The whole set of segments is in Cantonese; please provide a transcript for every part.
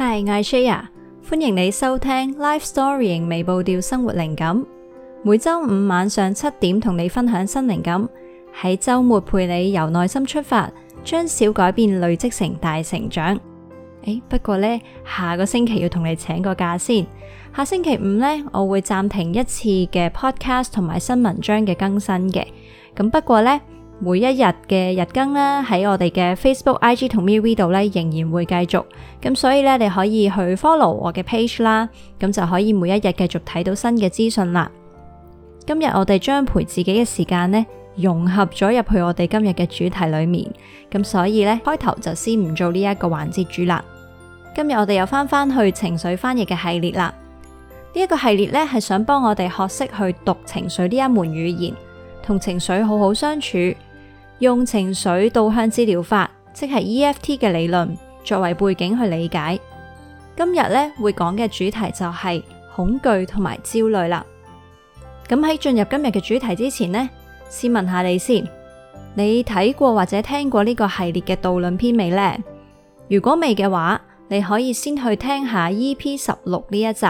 Hi，我係 Shaya，歡迎你收聽 Life Storying 微步調生活靈感。每周五晚上七點同你分享新靈感，喺周末陪你由內心出發，將小改變累積成大成長。誒，不過呢，下個星期要同你請個假先。下星期五呢，我會暫停一次嘅 podcast 同埋新文章嘅更新嘅。咁不過呢。每一日嘅日更咧，喺我哋嘅 Facebook、IG 同 MeWe 度咧，仍然會繼續，咁所以咧，你可以去 follow 我嘅 page 啦，咁就可以每一日繼續睇到新嘅資訊啦。今日我哋將陪自己嘅時間呢，融合咗入去我哋今日嘅主題裏面，咁所以呢，開頭就先唔做呢一個環節主啦。今日我哋又翻返去情緒翻譯嘅系列啦，呢一個系列呢，係想幫我哋學識去讀情緒呢一門語言，同情緒好好相處。用情緒導向治療法，即係 EFT 嘅理論，作為背景去理解。今日咧會講嘅主題就係恐懼同埋焦慮啦。咁喺進入今日嘅主題之前呢，先問下你先，你睇過或者聽過呢個系列嘅導論篇未呢？如果未嘅話，你可以先去聽下 EP 十六呢一集，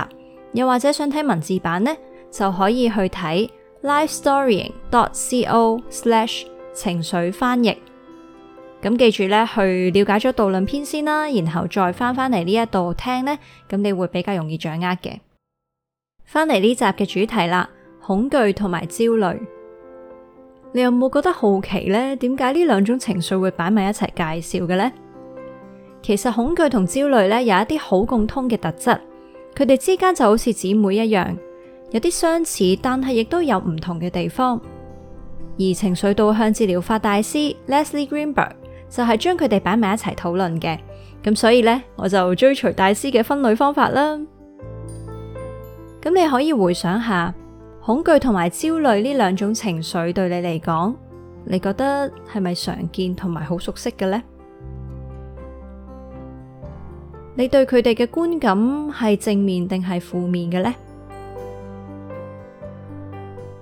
又或者想聽文字版呢，就可以去睇 lifestorying.co/slash。情緒翻譯，咁記住呢，去了解咗《導論篇》先啦，然後再返返嚟呢一度聽呢，咁你會比較容易掌握嘅。返嚟呢集嘅主題啦，恐懼同埋焦慮，你有冇覺得好奇呢？點解呢兩種情緒會擺埋一齊介紹嘅呢？其實恐懼同焦慮呢，有一啲好共通嘅特質，佢哋之間就好似姊妹一樣，有啲相似，但係亦都有唔同嘅地方。而情緒導向治療法大師 Leslie Greenberg 就係將佢哋擺埋一齊討論嘅。咁所以呢，我就追隨大師嘅分類方法啦。咁你可以回想下，恐懼同埋焦慮呢兩種情緒對你嚟講，你覺得係咪常見同埋好熟悉嘅呢？你對佢哋嘅觀感係正面定係負面嘅呢？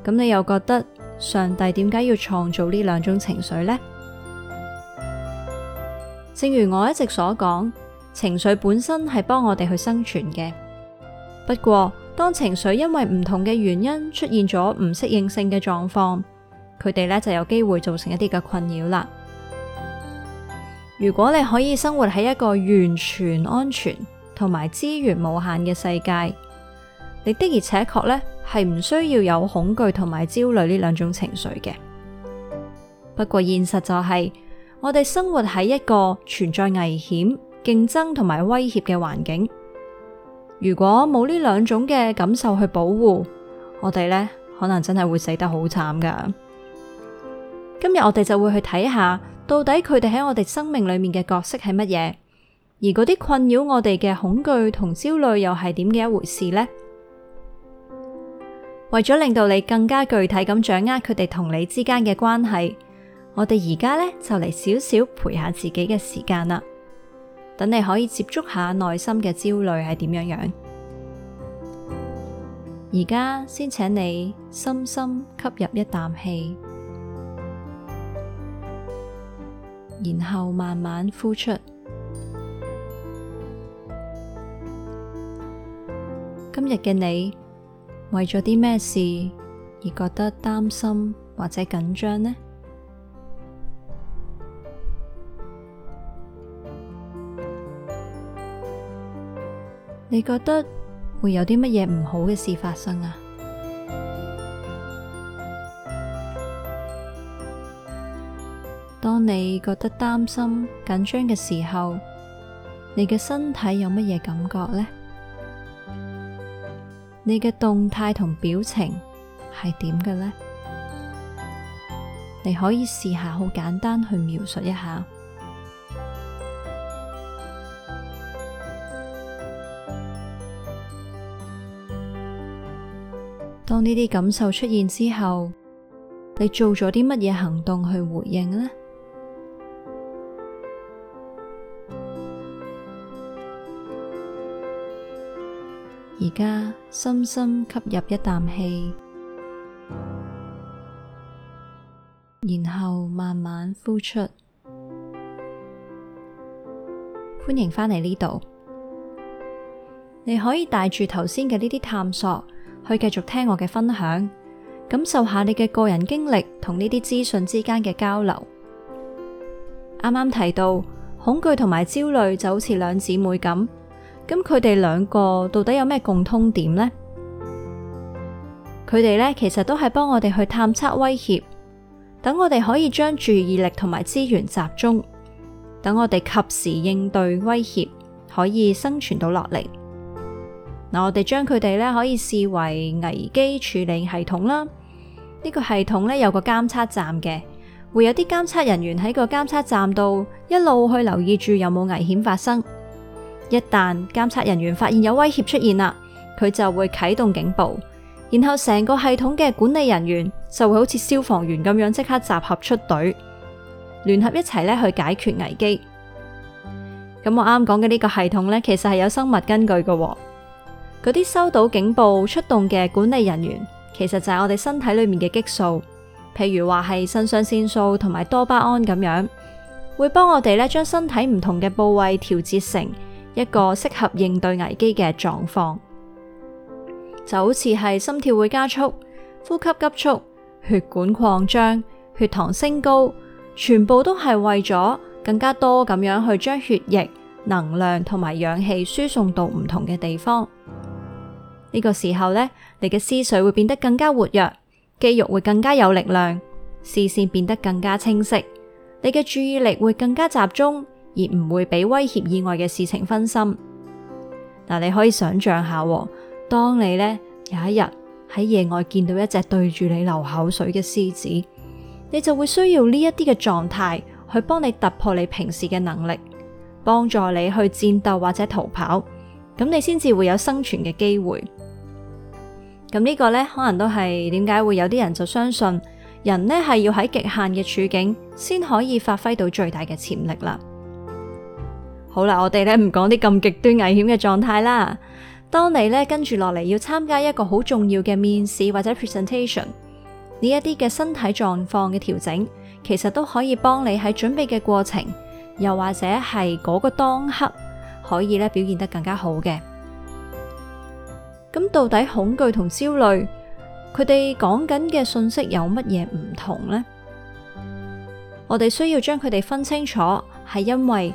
咁你又覺得上帝點解要創造呢兩種情緒呢？正如我一直所講，情緒本身係幫我哋去生存嘅。不過，當情緒因為唔同嘅原因出現咗唔適應性嘅狀況，佢哋咧就有機會造成一啲嘅困擾啦。如果你可以生活喺一個完全安全同埋資源無限嘅世界，你的而且確咧。係唔需要有恐懼同埋焦慮呢兩種情緒嘅。不過現實就係，我哋生活喺一個存在危險、競爭同埋威脅嘅環境。如果冇呢兩種嘅感受去保護我哋呢，可能真係會死得好慘噶。今日我哋就會去睇下，到底佢哋喺我哋生命裏面嘅角色係乜嘢，而嗰啲困擾我哋嘅恐懼同焦慮又係點嘅一回事呢？為咗令到你更加具體咁掌握佢哋同你之間嘅關係，我哋而家呢就嚟少少陪下自己嘅時間啦。等你可以接觸下內心嘅焦慮係點樣樣。而家先請你深深吸入一啖氣，然後慢慢呼出。今日嘅你。為咗啲咩事而覺得擔心或者緊張呢？你覺得會有啲乜嘢唔好嘅事發生啊？當你覺得擔心緊張嘅時候，你嘅身體有乜嘢感覺呢？你嘅動態同表情係點嘅呢？你可以試下好簡單去描述一下。當呢啲感受出現之後，你做咗啲乜嘢行動去回應呢？而家深深吸入一啖氣，然後慢慢呼出。歡迎返嚟呢度，你可以帶住頭先嘅呢啲探索，去繼續聽我嘅分享，感受下你嘅個人經歷同呢啲資訊之間嘅交流。啱啱提到恐懼同埋焦慮，就好似兩姊妹咁。咁佢哋兩個到底有咩共通點呢？佢哋呢其實都係幫我哋去探測威脅，等我哋可以將注意力同埋資源集中，等我哋及時應對威脅，可以生存到落嚟嗱。我哋將佢哋呢可以視為危機處理系統啦。呢個系統呢有個監測站嘅，會有啲監測人員喺個監測站度一路去留意住有冇危險發生。一旦監察人員發現有威脅出現啦，佢就會啟動警報，然後成個系統嘅管理人員就會好似消防員咁樣即刻集合出隊，聯合一齊咧去解決危機。咁我啱講嘅呢個系統呢，其實係有生物根據嘅。嗰啲收到警報出動嘅管理人員，其實就係我哋身體裏面嘅激素，譬如話係腎上腺素同埋多巴胺咁樣，會幫我哋咧將身體唔同嘅部位調節成。一個適合應對危機嘅狀況，就好似係心跳會加速、呼吸急促、血管擴張、血糖升高，全部都係為咗更加多咁樣去將血液、能量同埋氧氣輸送到唔同嘅地方。呢個時候呢，你嘅思緒會變得更加活躍，肌肉會更加有力量，視線變得更加清晰，你嘅注意力會更加集中。而唔會俾威脅以外嘅事情分心。嗱，你可以想象下，當你呢有一日喺野外見到一隻對住你流口水嘅獅子，你就會需要呢一啲嘅狀態去幫你突破你平時嘅能力，幫助你去戰鬥或者逃跑，咁你先至會有生存嘅機會。咁呢個呢，可能都係點解會有啲人就相信人呢係要喺極限嘅處境先可以發揮到最大嘅潛力啦。好啦，我哋咧唔講啲咁極端危險嘅狀態啦。當你咧跟住落嚟要參加一個好重要嘅面試或者 presentation，呢一啲嘅身體狀況嘅調整，其實都可以幫你喺準備嘅過程，又或者係嗰個當刻，可以咧表現得更加好嘅。咁到底恐懼同焦慮，佢哋講緊嘅訊息有乜嘢唔同呢？我哋需要將佢哋分清楚，係因為。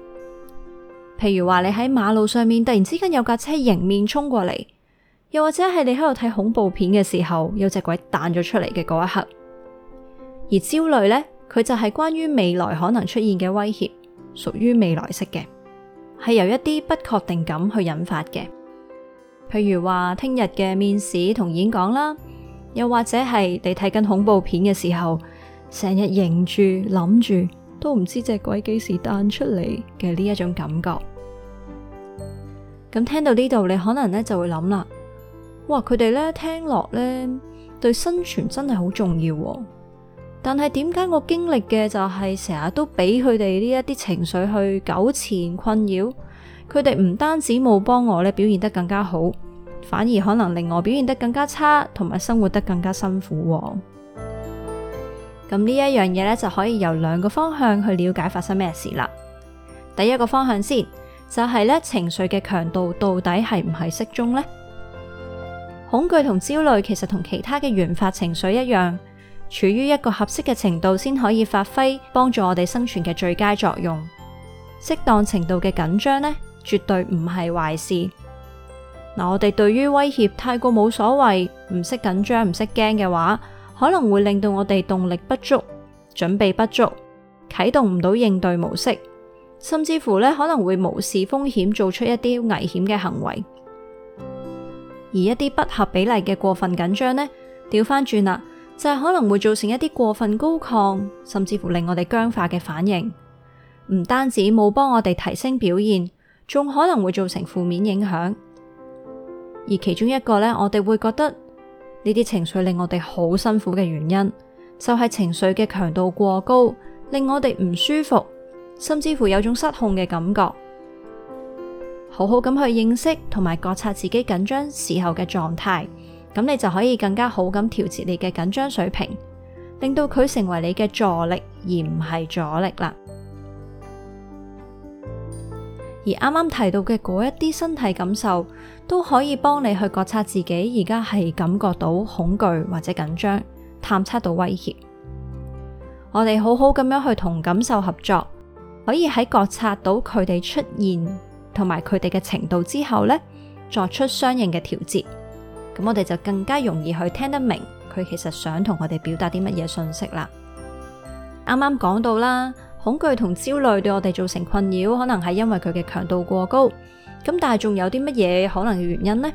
譬如話你喺馬路上面突然之間有架車迎面衝過嚟，又或者係你喺度睇恐怖片嘅時候，有隻鬼彈咗出嚟嘅嗰一刻。而焦慮呢，佢就係關於未來可能出現嘅威脅，屬於未來式嘅，係由一啲不確定感去引發嘅。譬如話聽日嘅面試同演講啦，又或者係你睇緊恐怖片嘅時候，成日凝住諗住，都唔知隻鬼幾時彈出嚟嘅呢一種感覺。咁聽到呢度，你可能咧就會諗啦，哇！佢哋咧聽落咧，對生存真係好重要。但係點解我經歷嘅就係成日都俾佢哋呢一啲情緒去糾纏困擾？佢哋唔單止冇幫我咧表現得更加好，反而可能令我表現得更加差，同埋生活得更加辛苦。咁呢一樣嘢咧就可以由兩個方向去了解發生咩事啦。第一個方向先。就係咧情緒嘅強度到底係唔係適中呢？恐懼同焦慮其實同其他嘅原發情緒一樣，處於一個合適嘅程度先可以發揮幫助我哋生存嘅最佳作用。適當程度嘅緊張呢，絕對唔係壞事。嗱，我哋對於威脅太過冇所謂，唔識緊張唔識驚嘅話，可能會令到我哋動力不足、準備不足、啟動唔到應對模式。甚至乎咧，可能會無視風險，做出一啲危險嘅行為；而一啲不合比例嘅過分緊張呢，調翻轉啦，就係可能會造成一啲過分高亢，甚至乎令我哋僵化嘅反應。唔單止冇幫我哋提升表現，仲可能會造成負面影響。而其中一個呢，我哋會覺得呢啲情緒令我哋好辛苦嘅原因，就係情緒嘅強度過高，令我哋唔舒服。甚至乎有種失控嘅感覺，好好咁去認識同埋覺察自己緊張時候嘅狀態，咁你就可以更加好咁調節你嘅緊張水平，令到佢成為你嘅助力而唔係阻力啦。而啱啱提到嘅嗰一啲身體感受，都可以幫你去覺察自己而家係感覺到恐懼或者緊張，探測到威脅。我哋好好咁樣去同感受合作，可以喺覺察到佢哋出現同埋佢哋嘅程度之後呢，作出相應嘅調節。咁我哋就更加容易去聽得明佢其實想同我哋表達啲乜嘢信息啦。啱啱講到啦，恐懼同焦慮對我哋造成困擾，可能係因為佢嘅強度過高。咁但係仲有啲乜嘢可能嘅原因呢？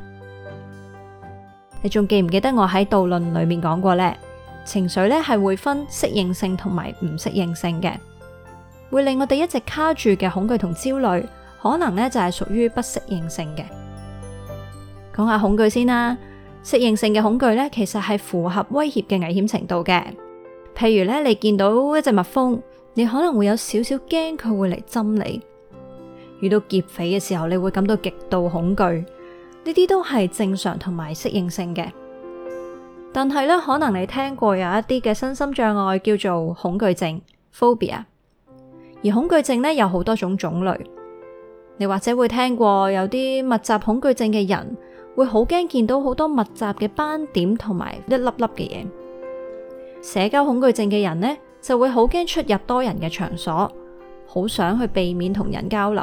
你仲記唔記得我喺導論裏面講過呢？情緒咧係會分適應性同埋唔適應性嘅。會令我哋一直卡住嘅恐懼同焦慮，可能呢就係屬於不適應性嘅。講下恐懼先啦，適應性嘅恐懼呢，其實係符合威脅嘅危險程度嘅。譬如呢，你見到一隻蜜蜂，你可能會有少少驚佢會嚟針你；遇到劫匪嘅時候，你會感到極度恐懼，呢啲都係正常同埋適應性嘅。但係呢，可能你聽過有一啲嘅身心障礙叫做恐懼症 （phobia）。Phobia, 而恐懼症呢，有好多種種類，你或者會聽過有啲密集恐懼症嘅人會好驚見到好多密集嘅斑點同埋一粒粒嘅嘢；社交恐懼症嘅人呢，就會好驚出入多人嘅場所，好想去避免同人交流；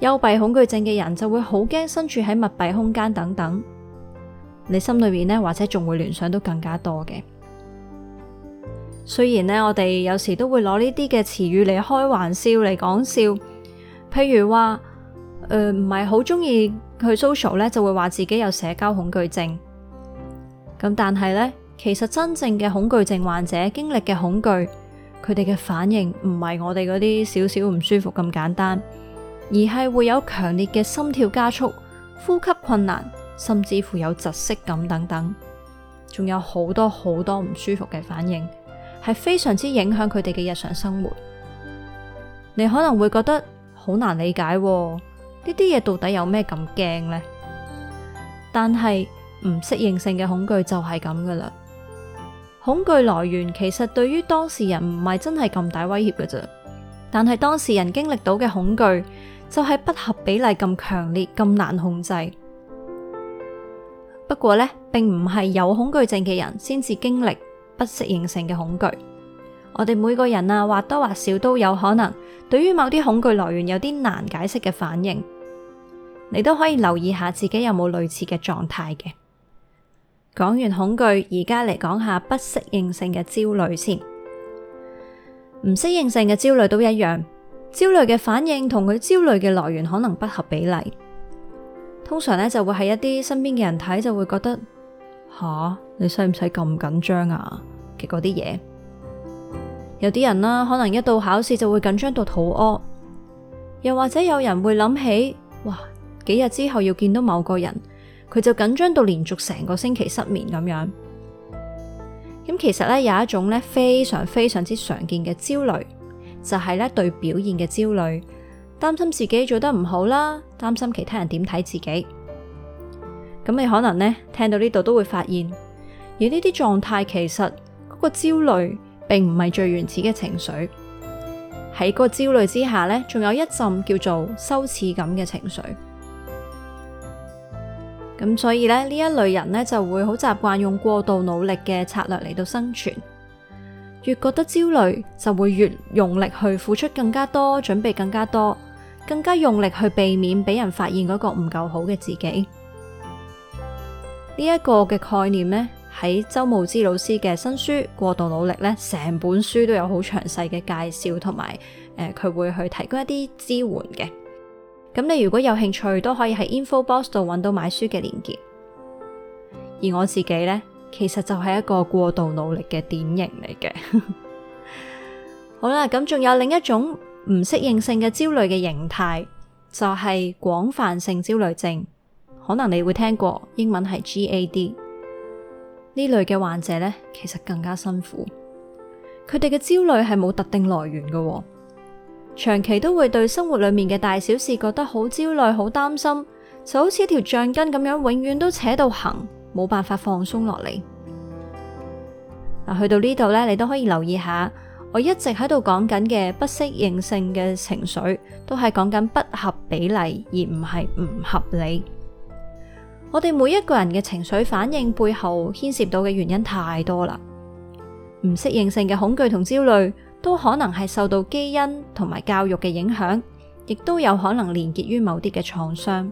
幽閉恐懼症嘅人就會好驚身處喺密閉空間等等。你心裏面呢，或者仲會聯想到更加多嘅。雖然咧，我哋有時都會攞呢啲嘅詞語嚟開玩笑嚟講笑，譬如話，誒唔係好中意去 social 咧，就會話自己有社交恐懼症。咁但係呢，其實真正嘅恐懼症患者經歷嘅恐懼，佢哋嘅反應唔係我哋嗰啲少少唔舒服咁簡單，而係會有強烈嘅心跳加速、呼吸困難，甚至乎有窒息感等等，仲有好多好多唔舒服嘅反應。係非常之影響佢哋嘅日常生活。你可能會覺得好難理解喎，呢啲嘢到底有咩咁驚呢？但係唔適應性嘅恐懼就係咁噶啦。恐懼來源其實對於當事人唔係真係咁大威脅嘅啫，但係當事人經歷到嘅恐懼就係不合比例咁強烈、咁難控制。不過呢，並唔係有恐懼症嘅人先至經歷。不適應性嘅恐懼，我哋每個人啊，或多或少都有可能對於某啲恐懼來源有啲難解釋嘅反應。你都可以留意下自己有冇類似嘅狀態嘅。講完恐懼，而家嚟講下不適應性嘅焦慮先。唔適應性嘅焦慮都一樣，焦慮嘅反應同佢焦慮嘅來源可能不合比例。通常呢，就會係一啲身邊嘅人睇，就會覺得。吓、啊，你使唔使咁緊張啊？嘅嗰啲嘢。有啲人啦、啊，可能一到考試就會緊張到肚屙，又或者有人會諗起，哇，幾日之後要見到某個人，佢就緊張到連續成個星期失眠咁樣。咁、嗯、其實呢，有一種呢非常非常之常見嘅焦慮，就係、是、呢對表現嘅焦慮，擔心自己做得唔好啦，擔心其他人點睇自己。咁你可能呢聽到呢度都會發現，而呢啲狀態其實嗰個焦慮並唔係最原始嘅情緒。喺嗰個焦慮之下呢，仲有一陣叫做羞恥感嘅情緒。咁所以咧呢一類人呢就會好習慣用過度努力嘅策略嚟到生存，越覺得焦慮就會越用力去付出更加多，準備更加多，更加用力去避免俾人發現嗰個唔夠好嘅自己。呢一個嘅概念呢，喺周慕姿老師嘅新書《過度努力》呢，成本書都有好詳細嘅介紹，同埋誒佢會去提供一啲支援嘅。咁你如果有興趣，都可以喺 InfoBox 度揾到買書嘅連結。而我自己呢，其實就係一個過度努力嘅典型嚟嘅。 好啦，咁仲有另一種唔適應性嘅焦慮嘅形態，就係、是、廣泛性焦慮症。可能你會聽過英文係 GAD。呢類嘅患者呢，其實更加辛苦。佢哋嘅焦慮係冇特定來源嘅喎，長期都會對生活裏面嘅大小事覺得好焦慮、好擔心，就好似條橡筋咁樣，永遠都扯到行，冇辦法放鬆落嚟嗱。去到呢度呢，你都可以留意下，我一直喺度講緊嘅不適應性嘅情緒，都係講緊不合比例而唔係唔合理。我哋每一個人嘅情緒反應背後牽涉到嘅原因太多啦，唔適應性嘅恐懼同焦慮都可能係受到基因同埋教育嘅影響，亦都有可能連結於某啲嘅創傷。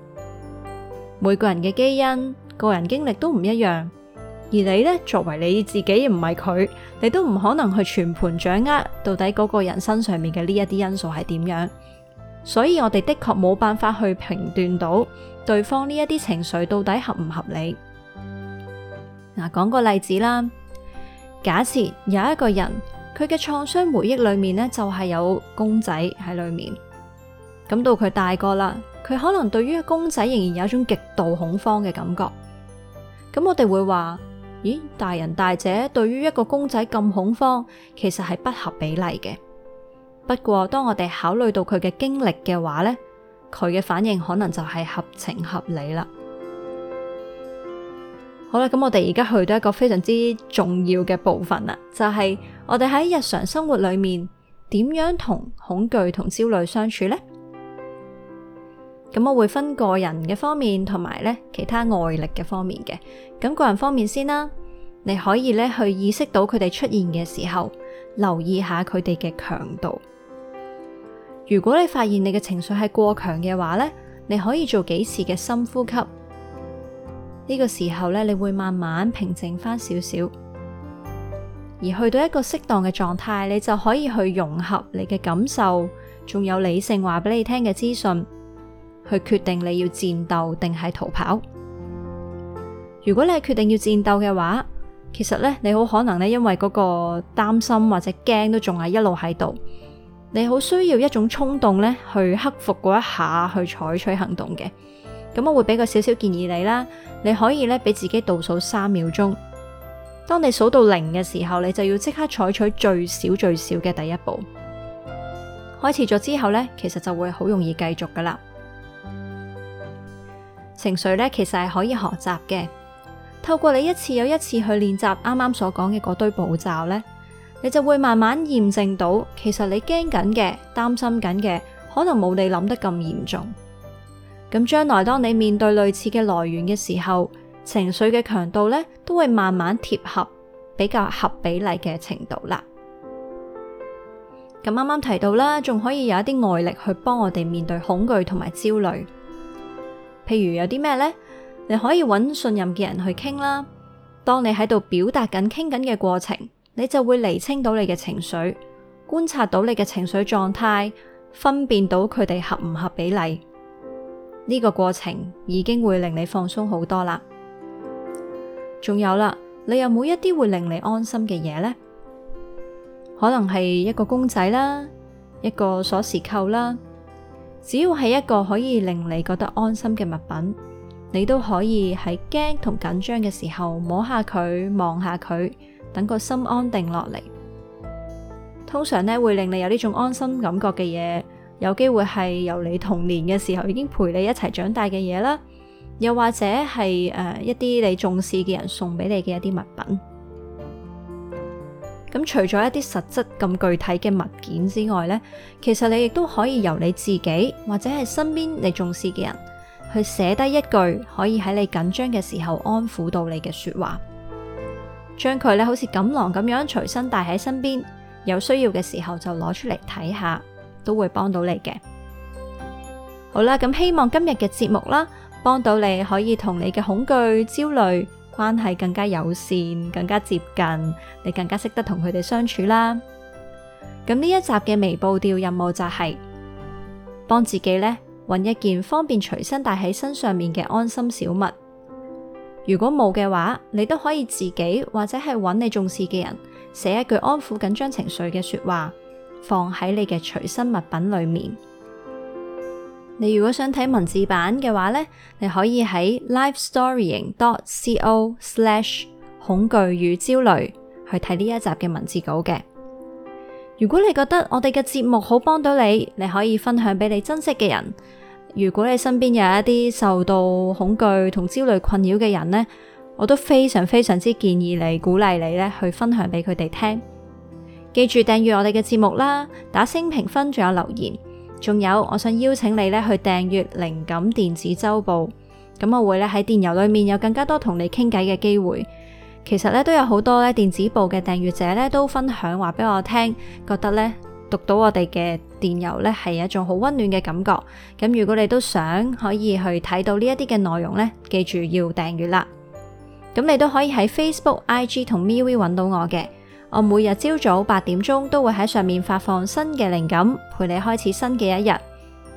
每個人嘅基因、個人經歷都唔一樣，而你呢，作為你自己，唔係佢，你都唔可能去全盤掌握到底嗰個人身上面嘅呢一啲因素係點樣，所以我哋的確冇辦法去評斷到。對方呢一啲情緒到底合唔合理？嗱、啊，講個例子啦，假設有一個人，佢嘅創傷回憶裏面呢，就係、是、有公仔喺裏面，咁、嗯、到佢大個啦，佢可能對於公仔仍然有一種極度恐慌嘅感覺。咁、嗯、我哋會話：「咦，大人大姐對於一個公仔咁恐慌，其實係不合比例嘅。不過當我哋考慮到佢嘅經歷嘅話呢。」佢嘅反應可能就係合情合理啦。好啦，咁我哋而家去到一個非常之重要嘅部分啦，就係我哋喺日常生活裏面點樣同恐懼同焦慮相處呢？咁我會分個人嘅方面同埋咧其他外力嘅方面嘅。咁個人方面先啦，你可以咧去意識到佢哋出現嘅時候，留意下佢哋嘅強度。如果你發現你嘅情緒係過強嘅話呢，你可以做幾次嘅深呼吸。呢個時候咧，你會慢慢平靜翻少少，而去到一個適當嘅狀態，你就可以去融合你嘅感受，仲有理性話俾你聽嘅資訊，去決定你要戰鬥定係逃跑。如果你係決定要戰鬥嘅話，其實咧，你好可能咧，因為嗰個擔心或者驚都仲係一路喺度。你好需要一種衝動呢，去克服嗰一下，去採取行動嘅。咁我會俾個少少建議你啦，你可以呢俾自己倒數三秒鐘，當你數到零嘅時候，你就要即刻採取最少最少嘅第一步。開始咗之後呢，其實就會好容易繼續噶啦。情緒呢，其實係可以學習嘅，透過你一次又一次去練習啱啱所講嘅嗰堆步驟呢。你就會慢慢驗證到，其實你驚緊嘅、擔心緊嘅，可能冇你諗得咁嚴重。咁將來當你面對類似嘅來源嘅時候，情緒嘅強度咧都會慢慢貼合比較合比例嘅程度啦。咁啱啱提到啦，仲可以有一啲外力去幫我哋面對恐懼同埋焦慮，譬如有啲咩呢？你可以揾信任嘅人去傾啦。當你喺度表達緊、傾緊嘅過程。你就會厘清到你嘅情緒，觀察到你嘅情緒狀態，分辨到佢哋合唔合比例。呢個過程已經會令你放鬆好多啦。仲有啦，你有冇一啲會令你安心嘅嘢呢？可能係一個公仔啦，一個鎖匙扣啦，只要係一個可以令你覺得安心嘅物品，你都可以喺驚同緊張嘅時候摸下佢，望下佢。等個心安定落嚟，通常咧，會令你有呢種安心感覺嘅嘢，有機會係由你童年嘅時候已經陪你一齊長大嘅嘢啦，又或者係誒、呃、一啲你重視嘅人送俾你嘅一啲物品。咁除咗一啲實質咁具體嘅物件之外呢，其實你亦都可以由你自己或者係身邊你重視嘅人去寫低一句可以喺你緊張嘅時候安撫到你嘅說話。將佢咧好似錦囊咁樣隨身帶喺身邊，有需要嘅時候就攞出嚟睇下，都會幫到你嘅。好啦，咁希望今日嘅節目啦，幫到你可以同你嘅恐懼、焦慮關係更加友善、更加接近，你更加識得同佢哋相處啦。咁呢一集嘅微步調任務就係、是、幫自己呢，揾一件方便隨身帶喺身上面嘅安心小物。如果冇嘅話，你都可以自己或者係揾你重視嘅人寫一句安撫緊張情緒嘅說話，放喺你嘅隨身物品裏面。你如果想睇文字版嘅話呢，你可以喺 lifestorying.co/ 恐懼與焦慮去睇呢一集嘅文字稿嘅。如果你覺得我哋嘅節目好幫到你，你可以分享俾你珍惜嘅人。如果你身邊有一啲受到恐懼同焦慮困擾嘅人呢，我都非常非常之建議你鼓勵你咧去分享俾佢哋聽。記住訂閱我哋嘅節目啦，打星評分仲有留言，仲有我想邀請你咧去訂閱靈感電子週報。咁我會咧喺電郵裏面有更加多同你傾偈嘅機會。其實咧都有好多咧電子報嘅訂閱者咧都分享話俾我聽，覺得咧。讀到我哋嘅電郵呢，係一種好温暖嘅感覺。咁如果你都想可以去睇到呢一啲嘅內容呢，記住要訂閱啦。咁你都可以喺 Facebook、IG 同 MeWe 搵到我嘅。我每日朝早八點鐘都會喺上面發放新嘅靈感，陪你開始新嘅一日。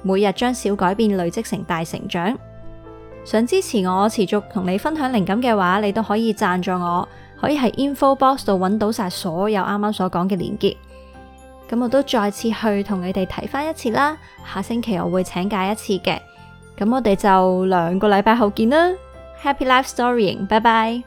每日將小改變累積成大成長。想支持我持續同你分享靈感嘅話，你都可以讚助我。可以喺 info box 度揾到晒所有啱啱所講嘅連結。咁我都再次去同你哋睇返一次啦，下星期我會請假一次嘅，咁我哋就兩個禮拜後見啦，Happy Life Storying，拜拜。